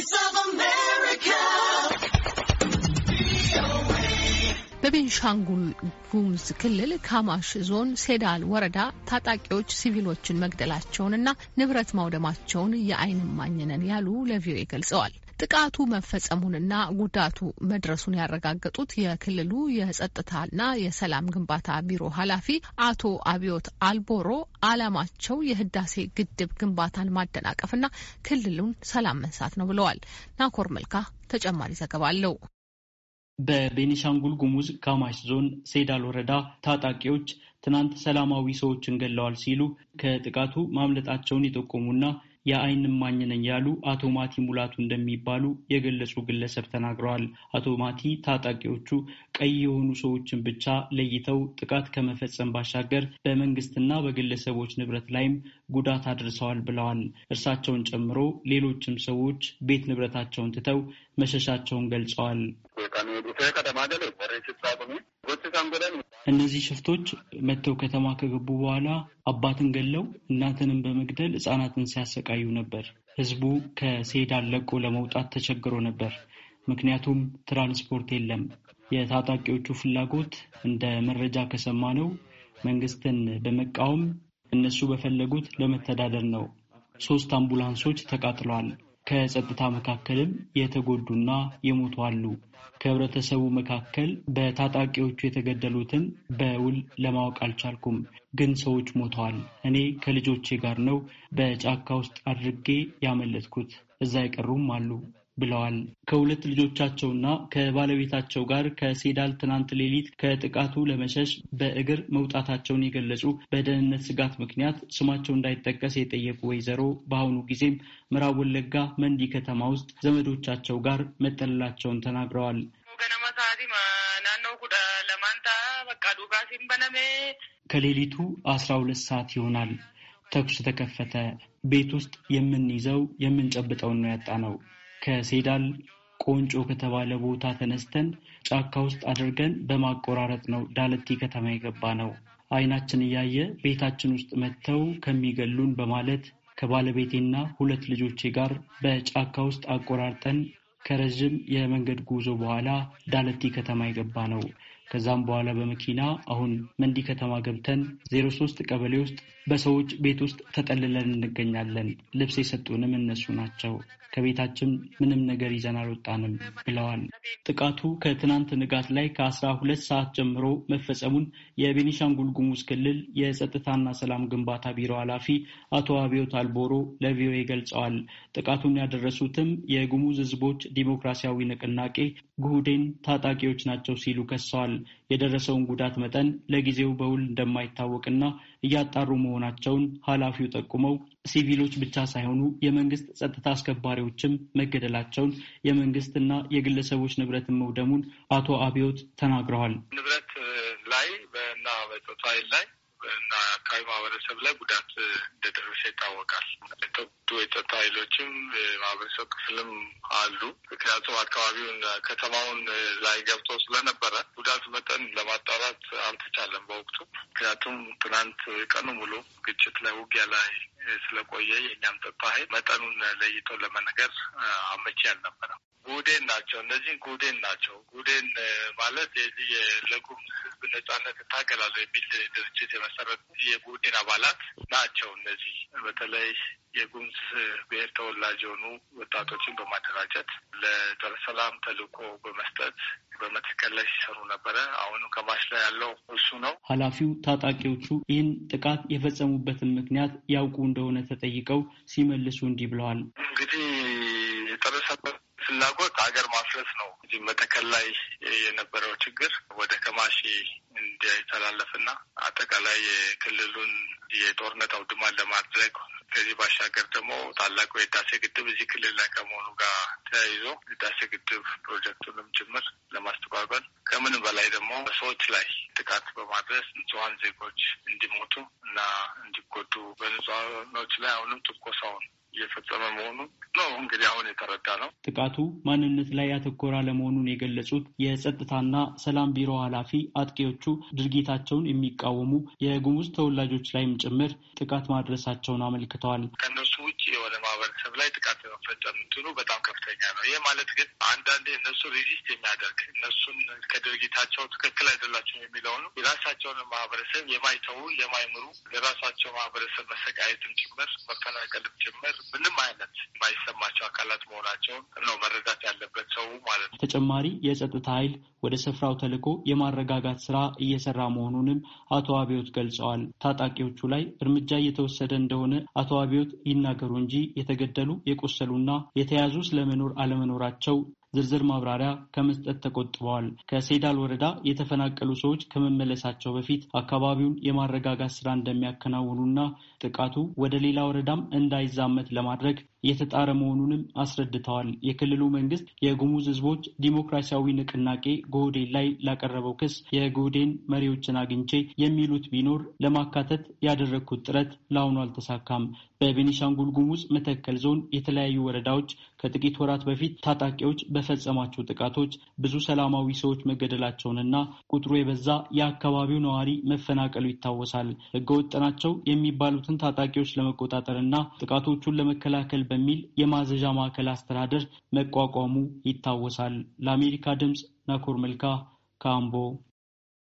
Voice of America. በቤንሻንጉል ጉሙዝ ክልል ካማሽ ዞን ሴዳል ወረዳ ታጣቂዎች ሲቪሎችን መግደላቸውንና ንብረት ማውደማቸውን የዓይን እማኝ ነን ያሉ ለቪኦኤ ገልጸዋል። ጥቃቱ መፈጸሙንና ጉዳቱ መድረሱን ያረጋገጡት የክልሉ የጸጥታና የሰላም ግንባታ ቢሮ ኃላፊ አቶ አብዮት አልቦሮ ዓላማቸው የህዳሴ ግድብ ግንባታን ማደናቀፍና ክልሉን ሰላም መንሳት ነው ብለዋል። ናኮር መልካ ተጨማሪ ዘገባ አለው። በቤኒሻንጉል ጉሙዝ ካማሽ ዞን ሴዳል ወረዳ ታጣቂዎች ትናንት ሰላማዊ ሰዎችን ገለዋል ሲሉ ከጥቃቱ ማምለጣቸውን የጠቆሙና የአይን እማኝ ነኝ ያሉ አቶ ማቲ ሙላቱ እንደሚባሉ የገለጹ ግለሰብ ተናግረዋል። አቶ ማቲ ታጣቂዎቹ ቀይ የሆኑ ሰዎችን ብቻ ለይተው ጥቃት ከመፈጸም ባሻገር በመንግስትና በግለሰቦች ንብረት ላይም ጉዳት አድርሰዋል ብለዋል። እርሳቸውን ጨምሮ ሌሎችም ሰዎች ቤት ንብረታቸውን ትተው መሸሻቸውን ገልጸዋል። እነዚህ ሽፍቶች መጥተው ከተማ ከገቡ በኋላ አባትን ገለው እናትንም በመግደል ህፃናትን ሲያሰቃዩ ነበር። ህዝቡ ከሴዳን ለቆ ለመውጣት ተቸግሮ ነበር። ምክንያቱም ትራንስፖርት የለም። የታጣቂዎቹ ፍላጎት እንደ መረጃ ከሰማ ነው። መንግስትን በመቃወም እነሱ በፈለጉት ለመተዳደር ነው። ሶስት አምቡላንሶች ተቃጥለዋል። ከጸጥታ መካከልም የተጎዱና የሞቱ አሉ። ከህብረተሰቡ መካከል በታጣቂዎቹ የተገደሉትን በውል ለማወቅ አልቻልኩም፣ ግን ሰዎች ሞተዋል። እኔ ከልጆቼ ጋር ነው በጫካ ውስጥ አድርጌ ያመለጥኩት። እዛ አይቀሩም አሉ። ብለዋል። ከሁለት ልጆቻቸውና ከባለቤታቸው ጋር ከሴዳል ትናንት ሌሊት ከጥቃቱ ለመሸሽ በእግር መውጣታቸውን የገለጹ በደህንነት ስጋት ምክንያት ስማቸው እንዳይጠቀስ የጠየቁ ወይዘሮ በአሁኑ ጊዜም ምዕራብ ወለጋ መንዲ ከተማ ውስጥ ዘመዶቻቸው ጋር መጠለላቸውን ተናግረዋል። ከሌሊቱ አስራ ሁለት ሰዓት ይሆናል። ተኩስ ተከፈተ። ቤት ውስጥ የምንይዘው የምንጨብጠውን ነው ያጣ ነው። ከሴዳል ቆንጮ ከተባለ ቦታ ተነስተን ጫካ ውስጥ አድርገን በማቆራረጥ ነው ዳለቲ ከተማ የገባ ነው። አይናችን እያየ ቤታችን ውስጥ መጥተው ከሚገሉን በማለት ከባለቤቴና ሁለት ልጆቼ ጋር በጫካ ውስጥ አቆራርጠን ከረዥም የመንገድ ጉዞ በኋላ ዳለቲ ከተማ የገባ ነው። ከዛም በኋላ በመኪና አሁን መንዲ ከተማ ገብተን ዜሮ ሶስት ቀበሌ ውስጥ በሰዎች ቤት ውስጥ ተጠልለን እንገኛለን። ልብስ የሰጡንም እነሱ ናቸው። ከቤታችን ምንም ነገር ይዘን አልወጣንም ብለዋል። ጥቃቱ ከትናንት ንጋት ላይ ከአስራ ሁለት ሰዓት ጀምሮ መፈጸሙን የቤኒሻንጉል ጉሙዝ ክልል የጸጥታና ሰላም ግንባታ ቢሮ ኃላፊ አቶ አብዮት አልቦሮ ለቪኦኤ ገልጸዋል። ጥቃቱን ያደረሱትም የጉሙዝ ሕዝቦች ዲሞክራሲያዊ ንቅናቄ ጉሁዴን ታጣቂዎች ናቸው ሲሉ ከሰዋል። የደረሰውን ጉዳት መጠን ለጊዜው በውል እንደማይታወቅና እያጣሩ መሆናቸውን ኃላፊው ጠቁመው ሲቪሎች ብቻ ሳይሆኑ የመንግስት ጸጥታ አስከባሪዎችም መገደላቸውን፣ የመንግስትና የግለሰቦች ንብረትን መውደሙን አቶ አብዮት ተናግረዋል። ንብረት ላይ በና በጸጥታ ኃይል ላይ እና አካባቢ ማህበረሰብ ላይ ጉዳት እንደደረሰ ይታወቃል። የተጎዱ የጸጥታ ኃይሎችም ማህበረሰብ ክፍልም አሉ። ምክንያቱም አካባቢውን ከተማውን ላይ ገብቶ ስለነበረ ጉዴን ናቸው። እነዚህን ጉዴን ናቸው። ጉዴን ማለት የዚህ ለጉም ህዝብ ነጻነት እታገላለሁ የሚል ድርጅት የመሰረት የጉዴን አባላት ናቸው። እነዚህ በተለይ የጉሙዝ ብሔር ተወላጅ የሆኑ ወጣቶችን በማደራጀት ለጸረ ሰላም ተልእኮ በመስጠት በመትከል ላይ ሲሰሩ ነበረ። አሁኑ ከማሽ ላይ ያለው እሱ ነው። ኃላፊው ታጣቂዎቹ ይህን ጥቃት የፈጸሙበትን ምክንያት ያውቁ እንደሆነ ተጠይቀው ሲመልሱ እንዲህ ብለዋል። እንግዲህ ፍላጎት ሀገር ማፍረስ ነው። እዚህ መተከል ላይ የነበረው ችግር ወደ ከማሺ እንዲተላለፍና አጠቃላይ የክልሉን የጦርነት አውድማን ለማድረግ ከዚህ ባሻገር ደግሞ ታላቁ የህዳሴ ግድብ እዚህ ክልል ላይ ከመሆኑ ጋር ተያይዞ ህዳሴ ግድብ ፕሮጀክቱንም ጭምር ለማስተጓጎል ከምንም በላይ ደግሞ ሰዎች ላይ ጥቃት በማድረስ ንጹሐን ዜጎች እንዲሞቱ እና እንዲጎዱ በንጹሐኖች ላይ አሁንም ትንኮሳውን እየፈጸመ መሆኑን ነው እንግዲህ አሁን የተረዳ ነው። ጥቃቱ ማንነት ላይ ያተኮረ አለመሆኑን የገለጹት የጸጥታና ሰላም ቢሮ ኃላፊ አጥቂዎቹ ድርጊታቸውን የሚቃወሙ የጉሙዝ ተወላጆች ላይም ጭምር ጥቃት ማድረሳቸውን አመልክተዋል። ከእነሱ ውጭ የሆነ ማህበረሰብ ላይ ጥቃት የመፈጸም እንትኑ በጣም ከፍተኛ ነው። ይህ ማለት ግን አንዳንዴ እነሱ ሪዚስት የሚያደርግ እነሱን ከድርጊታቸው ትክክል አይደላቸው የሚለውን የራሳቸውን ማህበረሰብ የማይተዉ የማይምሩ ለራሳቸው ማህበረሰብ መሰቃየትም ጭምር መፈናቀልም ጭምር ምንም አይነት የማይሰማቸው አካላት መሆናቸውን ነው መረዳት ያለበት ሰው ማለት ነው። ተጨማሪ የጸጥታ ኃይል ወደ ስፍራው ተልኮ የማረጋጋት ስራ እየሰራ መሆኑንም አቶ አብዮት ገልጸዋል። ታጣቂዎቹ ላይ እርምጃ እየተወሰደ እንደሆነ አቶ አብዮት ይናገሩ ነበሩ እንጂ የተገደሉ የቆሰሉና የተያዙ ስለመኖር አለመኖራቸው ዝርዝር ማብራሪያ ከመስጠት ተቆጥበዋል። ከሴዳል ወረዳ የተፈናቀሉ ሰዎች ከመመለሳቸው በፊት አካባቢውን የማረጋጋት ስራ እንደሚያከናውኑና ጥቃቱ ወደ ሌላ ወረዳም እንዳይዛመት ለማድረግ የተጣረ መሆኑንም አስረድተዋል። የክልሉ መንግስት የጉሙዝ ህዝቦች ዲሞክራሲያዊ ንቅናቄ ጎዴን ላይ ላቀረበው ክስ የጎዴን መሪዎችን አግኝቼ የሚሉት ቢኖር ለማካተት ያደረግኩት ጥረት ለአሁኑ አልተሳካም። በቤኒሻንጉል ጉሙዝ መተከል ዞን የተለያዩ ወረዳዎች ከጥቂት ወራት በፊት ታጣቂዎች በፈጸሟቸው ጥቃቶች ብዙ ሰላማዊ ሰዎች መገደላቸውንና ቁጥሩ የበዛ የአካባቢው ነዋሪ መፈናቀሉ ይታወሳል። ህገወጥ ናቸው የሚባሉትን ታጣቂዎች ለመቆጣጠርና ጥቃቶቹን ለመከላከል በሚል የማዘዣ ማዕከል አስተዳደር መቋቋሙ ይታወሳል። ለአሜሪካ ድምፅ ናኮር መልካ ካምቦ